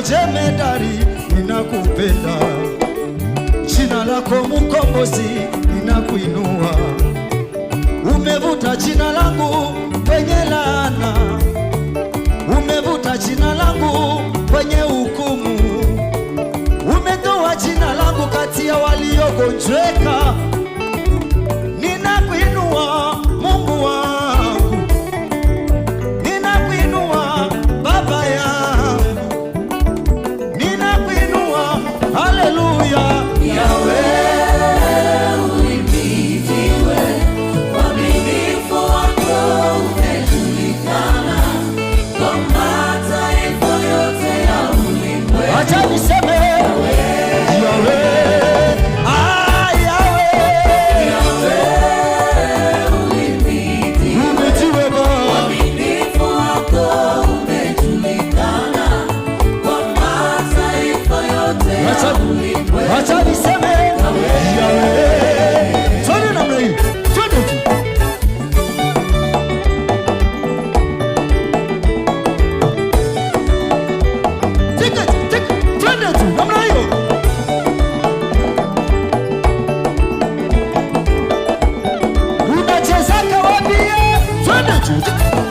lako jemedari, ninakupenda. Jina lako Mkombozi, ninakuinua. Umevuta jina langu kwenye laana, umevuta jina langu kwenye hukumu, umetoa jina langu kati ya waliogonjweka Wacha niseme Wacha ah, niseme 就。